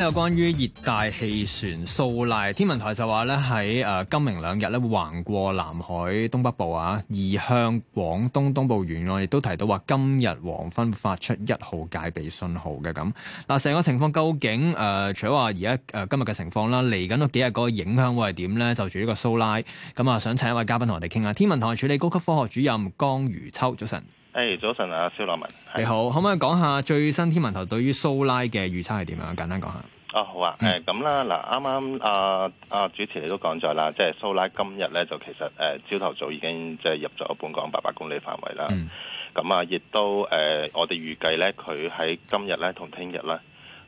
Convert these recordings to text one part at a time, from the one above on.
有關於熱帶氣旋蘇拉，天文台就話咧喺誒今明兩日咧會橫過南海東北部啊，移向廣東東,東部沿岸，亦都提到話今日黃昏發出一號戒備信號嘅咁。嗱，成個情況究竟誒、呃，除咗話而家誒今日嘅情況啦，嚟緊多幾日個影響會係點咧？就住呢個蘇拉咁啊，想請一位嘉賓同我哋傾下。天文台署理高級科學主任江如秋，早晨。誒，hey, 早晨啊，蕭樂文，你好，可唔可以講下最新天文台對於蘇拉嘅預測係點啊？簡單講下。哦，好啊，誒、嗯，咁啦、呃，嗱，啱啱啊啊，主持你都講咗啦，即係蘇拉今日咧就其實誒，朝、呃、頭早已經即係入咗本港八百公里範圍啦。咁啊、嗯，亦都誒、呃，我哋預計咧，佢喺今日咧同聽日咧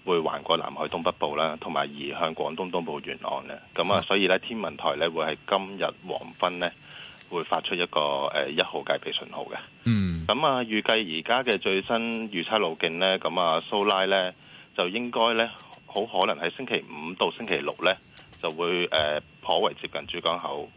會橫過南海東北部啦，同埋移向廣東東部沿岸嘅。咁啊，嗯、所以咧天文台咧會喺今日黃昏咧會發出一個誒、呃、一號戒備信號嘅。嗯。咁啊，嗯、預計而家嘅最新預測路徑咧，咁啊，蘇拉咧就應該咧，好可能喺星期五到星期六咧就會誒、呃、頗為接近珠江口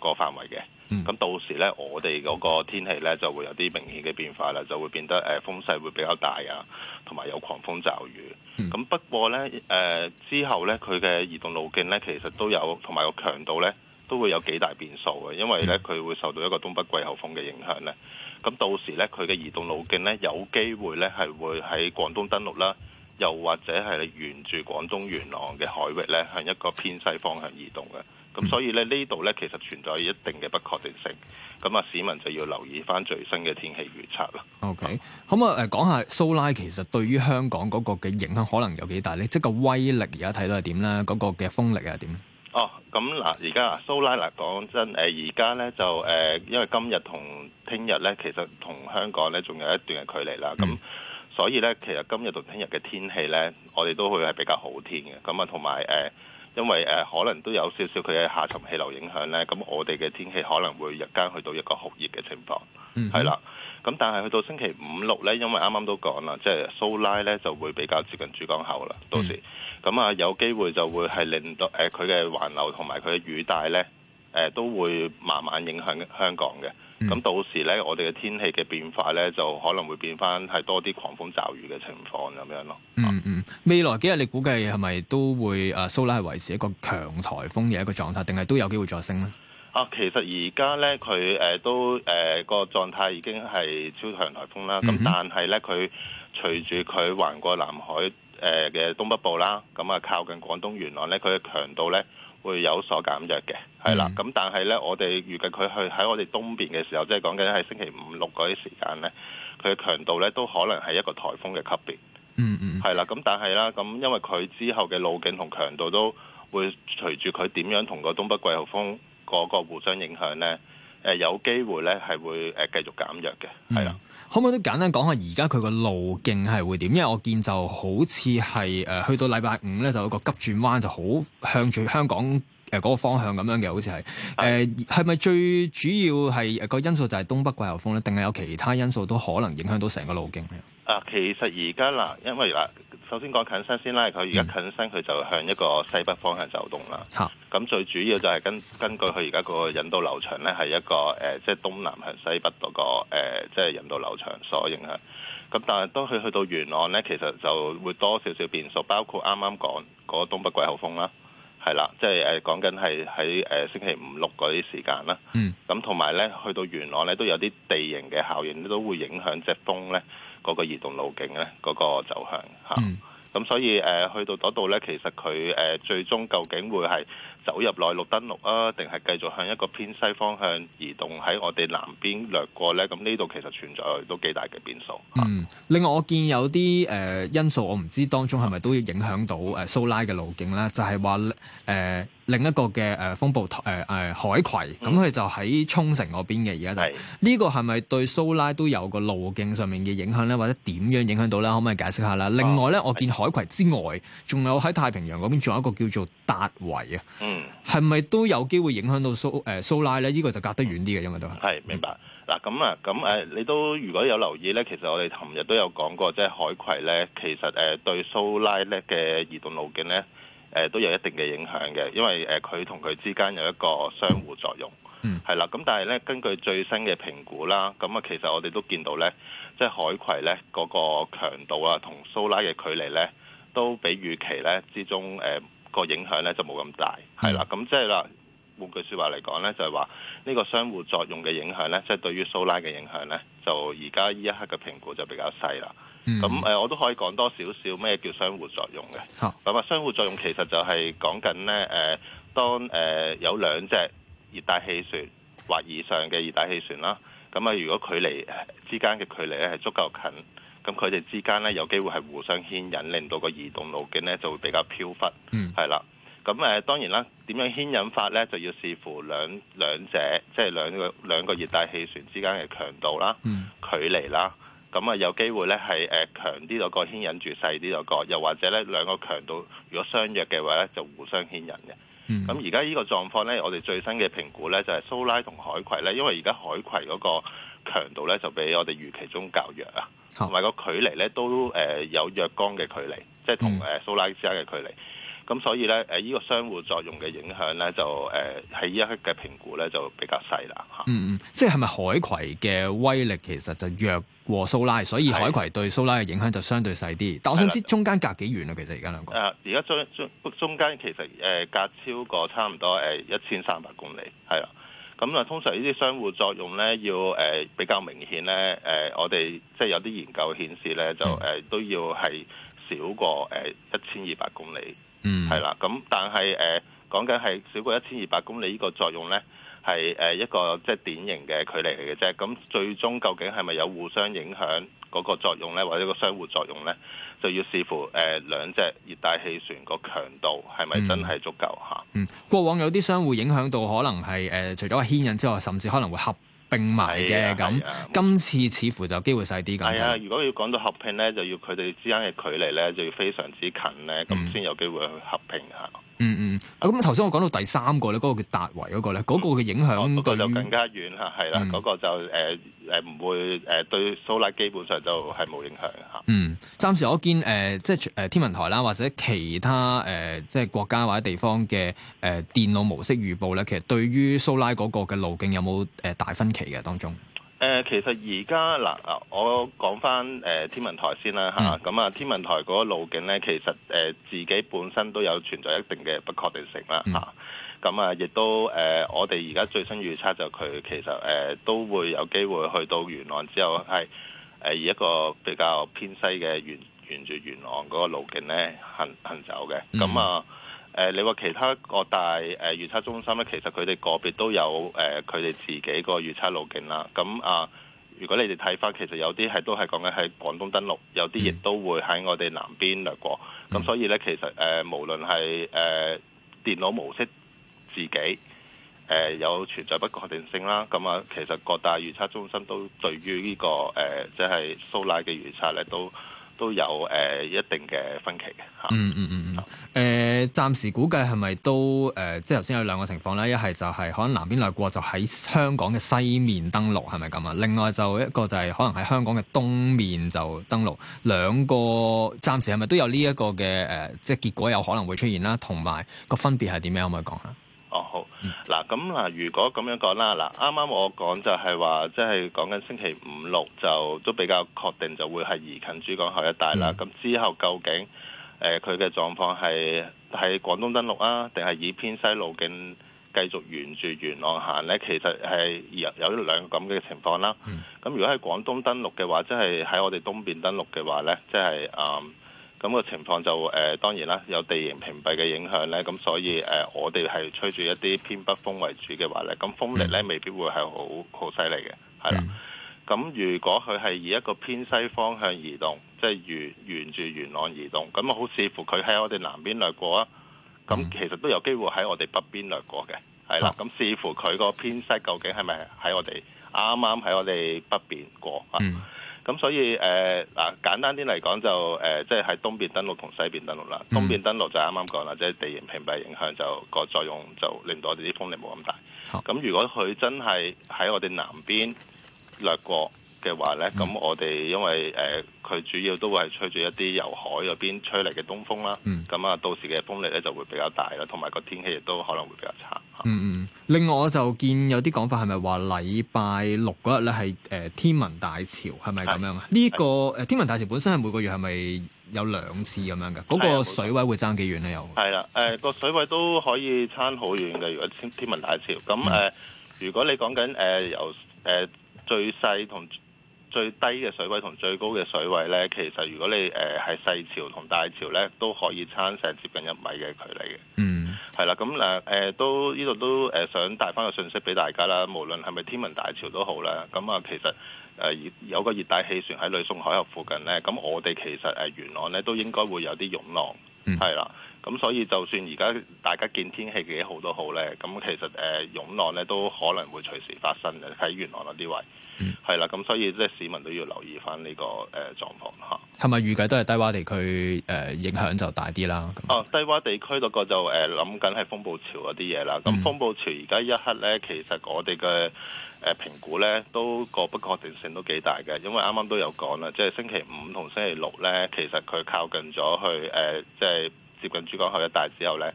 個範圍嘅。咁是到時咧，我哋嗰個天氣咧就會有啲明顯嘅變化啦，就會變得誒、呃、風勢會比較大啊，同埋有，有狂風驟雨。咁、嗯、不過咧，誒、呃、之後咧，佢嘅移動路徑咧，其實都有同埋個強度咧。都會有幾大變數嘅，因為咧佢會受到一個東北季候風嘅影響咧。咁到時咧佢嘅移動路徑咧，有機會咧係會喺廣東登陸啦，又或者係沿住廣東沿岸嘅海域咧向一個偏西方向移動嘅。咁所以咧呢度咧其實存在一定嘅不確定性。咁啊市民就要留意返最新嘅天氣預測啦。OK，咁啊、嗯，誒講、呃、下蘇拉其實對於香港嗰個嘅影響可能有幾大咧？你即個威力而家睇到係點咧？嗰、那個嘅風力係點？那個哦，咁嗱，而家啊，蘇拉嚟講真，誒而家咧就誒、呃，因為今日同聽日咧，其實同香港咧仲有一段嘅距離啦，咁、嗯、所以咧，其實今日同聽日嘅天氣咧，我哋都會係比較好天嘅，咁啊，同埋誒。因為誒、呃、可能都有少少佢嘅下沉氣流影響咧，咁我哋嘅天氣可能會日間去到一個酷熱嘅情況，係啦、嗯哼。咁但係去到星期五六咧，因為啱啱都講啦，即係蘇拉咧就會比較接近珠江口啦，嗯、到時咁啊有機會就會係令到誒佢嘅環流同埋佢嘅雨帶咧誒都會慢慢影響香港嘅。咁、嗯、到時咧，我哋嘅天氣嘅變化咧，就可能會變翻係多啲狂風驟雨嘅情況咁樣咯。嗯嗯，未來幾日你估計係咪都會誒蘇拉係維持一個強台風嘅一個狀態，定係都有機會再升咧？啊，其實而家咧，佢誒都誒、呃、個狀態已經係超強台風啦。咁、嗯嗯、但係咧，佢隨住佢橫過南海誒嘅東北部啦，咁啊靠近廣東沿岸咧，佢嘅強度咧，會有所減弱嘅，係啦。咁、mm hmm. 但係呢，我哋預計佢去喺我哋東邊嘅時候，即係講緊係星期五六嗰啲時間呢，佢嘅強度呢都可能係一個颱風嘅級別。嗯嗯、mm。係、hmm. 啦。咁但係啦，咁因為佢之後嘅路徑同強度都會隨住佢點樣同個東北季候風嗰個互相影響呢。誒、呃、有機會咧係會誒、呃、繼續減弱嘅，係啦、嗯。可唔可以都簡單講下而家佢個路徑係會點？因為我見就好似係誒去到禮拜五咧就有個急轉彎，就好向住香港誒嗰、呃那個方向咁樣嘅，好似係誒係咪最主要係個、呃、因素就係東北季候風咧？定係有其他因素都可能影響到成個路徑咧？啊，其實而家嗱，因為嗱。首先講近身先啦，佢而家近身佢就向一個西北方向走動啦。咁、嗯、最主要就係根根據佢而家個引導流場咧，係一個誒、呃，即係東南向西北嗰個、呃、即係引導流場所影響。咁但係當佢去到沿岸咧，其實就會多少少變數，包括啱啱講嗰個東北季候風啦，係啦，即係誒講緊係喺誒星期五六嗰啲時間啦。咁同埋咧，去到沿岸咧都有啲地形嘅效應，都會影響隻風咧。嗰個移動路徑咧，嗰、那個走向嚇，咁、嗯啊、所以誒、呃、去到嗰度咧，其實佢誒、呃、最終究竟會係走入內陸登陸啊，定係繼續向一個偏西方向移動，喺我哋南邊掠過咧？咁呢度其實存在都幾大嘅變數嚇。另外，我見有啲誒、呃、因素，我唔知當中係咪都要影響到誒、呃、蘇拉嘅路徑咧，就係話誒。呃另一個嘅誒風暴誒誒海葵，咁佢就喺沖繩嗰邊嘅，而家就係呢個係咪對蘇拉都有個路徑上面嘅影響咧？或者點樣影響到咧？可唔可以解釋下啦？另外咧，我見海葵之外，仲有喺太平洋嗰邊仲有一個叫做達維啊，嗯，係咪都有機會影響到蘇誒蘇拉咧？呢個就隔得遠啲嘅，因為都係。係明白嗱，咁啊，咁誒，你都如果有留意咧，其實我哋尋日都有講過，即係海葵咧，其實誒對蘇拉咧嘅移動路徑咧。誒、呃、都有一定嘅影響嘅，因為誒佢同佢之間有一個相互作用，係啦、嗯。咁但係咧，根據最新嘅評估啦，咁、嗯、啊其實我哋都見到咧，即係海葵咧嗰、那個強度啊，同蘇拉嘅距離咧，都比預期咧之中誒、呃、個影響咧就冇咁大，係、嗯、啦。咁即係啦，換句説話嚟講咧，就係話呢個相互作用嘅影響咧，即係對於蘇拉嘅影響咧，就而、是、家呢一刻嘅評估就比較細啦。咁誒、mm hmm. 呃，我都可以講多少少咩叫相互作用嘅。咁啊，相互作用其實就係講緊呢，誒、呃，當誒、呃、有兩隻熱帶氣旋或以上嘅熱帶氣旋啦，咁啊，如果距離之間嘅距離咧係足夠近，咁佢哋之間呢有機會係互相牽引，令到個移動路徑呢就會比較飄忽，係、mm hmm. 啦。咁誒、呃，當然啦，點樣牽引法呢？就要視乎兩兩者，即係兩個兩個熱帶氣旋之間嘅強度啦、mm hmm. 距離啦。咁啊，有機會咧係誒強啲嗰個牽引住細啲嗰個，又或者咧兩個強度如果相約嘅話咧，就互相牽引嘅。咁而家呢個狀況咧，我哋最新嘅評估咧就係蘇拉同海葵咧，因為而家海葵嗰個強度咧就比我哋預期中較弱啊，同埋好個距離咧都誒有若干嘅距離，即係同誒蘇拉之間嘅距離。咁所以咧，誒、這、依個相互作用嘅影響咧，就誒喺依一刻嘅評估咧，就比較細啦嚇。嗯嗯，即係係咪海葵嘅威力其實就弱過蘇拉，的所以海葵對蘇拉嘅影響就相對細啲。的但我想知中間隔幾遠啊？其實而家兩個。誒，而家中中中間其實誒隔超過差唔多誒一千三百公里，係啦。咁啊，通常呢啲相互作用咧，要誒、呃、比較明顯咧，誒、呃、我哋即係有啲研究顯示咧，就誒、呃、都要係少過誒一千二百公里。嗯，係啦，咁但係誒講緊係少過一千二百公里呢個作用咧，係誒一個即係典型嘅距離嚟嘅啫。咁最終究竟係咪有互相影響嗰個作用咧，或者個相互作用咧，就要視乎誒、呃、兩隻熱帶氣旋個強度係咪真係足夠吓？嗯，過往有啲相互影響到，可能係誒、呃、除咗牽引之外，甚至可能會合。並埋嘅咁，今次似乎就機會細啲咁。係啊，如果要講到合併咧，就要佢哋之間嘅距離咧，就要非常之近咧，咁先有機會去合併。嚇、嗯。嗯嗯，啊咁頭先我講到第三個咧，嗰個叫達維嗰個咧，嗰個嘅影響對就更加遠啦，係啦，嗰個就誒誒唔會誒對蘇拉基本上就係冇影響嘅嚇。嗯，暫時我見誒即係誒天文台啦，或者其他誒即係國家或者地方嘅誒電腦模式預報咧，其實對於蘇拉嗰個嘅路徑有冇誒大分歧嘅當中？誒、呃、其實而家嗱，我講翻誒天文台先啦嚇，咁、嗯、啊天文台嗰個路徑咧，其實誒、呃、自己本身都有存在一定嘅不確定性啦嚇，咁啊亦、啊、都誒、呃、我哋而家最新預測就佢其實誒、呃、都會有機會去到沿岸之後係誒以一個比較偏西嘅沿沿住沿岸嗰個路徑咧行行走嘅，咁啊。嗯嗯誒，你話其他各大誒預測中心咧，其實佢哋個別都有誒佢哋自己個預測路徑啦。咁啊、呃，如果你哋睇返，其實有啲係都係講緊喺廣東登陸，有啲亦都會喺我哋南邊掠過。咁所以咧，其實誒、呃、無論係誒、呃、電腦模式自己誒、呃、有存在不確定性啦。咁啊、呃，其實各大預測中心都對於呢、這個誒，即係蘇拉嘅預測咧都都有誒、呃、一定嘅分歧嘅嚇、啊嗯。嗯嗯嗯嗯。誒、呃，暫時估計係咪都誒、呃，即係頭先有兩個情況啦。一係就係可能南邊掠過，就喺香港嘅西面登陸，係咪咁啊？另外就一個就係可能喺香港嘅東面就登陸。兩個暫時係咪都有呢一個嘅誒、呃，即係結果有可能會出現啦。同埋個分別係點樣？可唔可以講下？哦、好，嗱咁嗱，如果咁樣講啦，嗱啱啱我講就係話，即係講緊星期五六就都比較確定就會係移近珠江口一帶啦。咁、嗯、之後究竟誒佢嘅狀況係喺廣東登陸啊，定係以偏西路徑繼續沿住沿岸行咧？其實係有有兩個咁嘅情況啦。咁、嗯、如果喺廣東登陸嘅話，即係喺我哋東邊登陸嘅話咧，即係誒。嗯咁個情況就誒、呃、當然啦，有地形屏蔽嘅影響咧，咁所以誒、呃、我哋係吹住一啲偏北風為主嘅話咧，咁風力咧未必會係好好犀利嘅，係啦。咁、嗯、如果佢係以一個偏西方向移動，即係沿沿住沿岸移動，咁啊好視乎佢喺我哋南邊掠過啊，咁其實都有機會喺我哋北邊掠過嘅，係啦。咁、啊、視乎佢個偏西究竟係咪喺我哋啱啱喺我哋北邊過啊？咁所以誒嗱，呃、簡單啲嚟講就誒、呃，即係喺東邊登陸同西邊登陸啦。東邊登陸就啱啱講啦，即係地形屏蔽影響就，個作用就令到我哋啲風力冇咁大。咁好如果佢真係喺我哋南邊掠過嘅話咧，咁我哋因為誒，佢主要都係吹住一啲由海嗰邊吹嚟嘅東風啦，咁啊、嗯，到時嘅風力咧就會比較大啦，同埋個天氣亦都可能會比較差。嗯嗯，另外我就見有啲講法係咪話禮拜六嗰日咧係誒天文大潮係咪咁樣啊？呢的、這個誒的天文大潮本身係每個月係咪有兩次咁樣㗎？嗰、那個水位會爭幾遠啊？有？係、嗯、啦，誒個、嗯、水位都可以差好遠嘅。如果天天文大潮咁誒、呃，如果你講緊誒由誒最細同。最低嘅水位同最高嘅水位呢，其實如果你誒係細潮同大潮呢，都可以爭成接近一米嘅距離嘅。嗯，係啦，咁嗱誒都呢度都誒想帶翻個信息俾大家啦。無論係咪天文大潮都好啦，咁啊其實誒、呃、有個熱帶氣旋喺呂宋海峽附近呢，咁我哋其實誒沿岸咧都應該會有啲湧浪，係啦、嗯。咁所以就算而家大家見天氣幾好都好咧，咁其實誒湧、呃、浪咧都可能會隨時發生嘅喺沿岸嗰啲位，係啦、嗯。咁所以即係市民都要留意翻、這、呢個誒狀況吓，係咪預計都係低窪地區誒、呃、影響就大啲啦？哦、啊，低窪地區嗰個就誒諗緊係風暴潮嗰啲嘢啦。咁、嗯、風暴潮而家一刻咧，其實我哋嘅誒評估咧都個不確定性都幾大嘅，因為啱啱都有講啦，即係星期五同星期六咧，其實佢靠近咗去誒、呃呃呃、即係。接近珠江口一帶之後呢，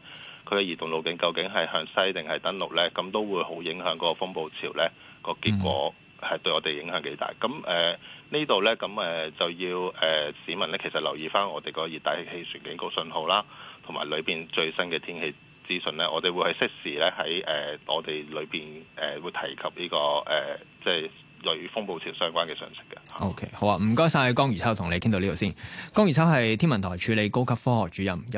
佢嘅移動路徑究竟係向西定係登陸呢？咁都會好影響嗰個風暴潮呢個結果，係對我哋影響幾大咁誒？呢度、呃、呢，咁、呃、誒就要誒、呃、市民呢，其實留意返我哋個熱帶氣旋警告信號啦，同埋裏邊最新嘅天氣資訊呢。我哋會係適時呢，喺、呃、誒我哋裏邊誒會提及呢、這個誒、呃、即係雷雨風暴潮相關嘅信息嘅。O.K. 好啊，唔該晒。江如秋，同你傾到呢度先。江如秋係天文台署理高級科學主任。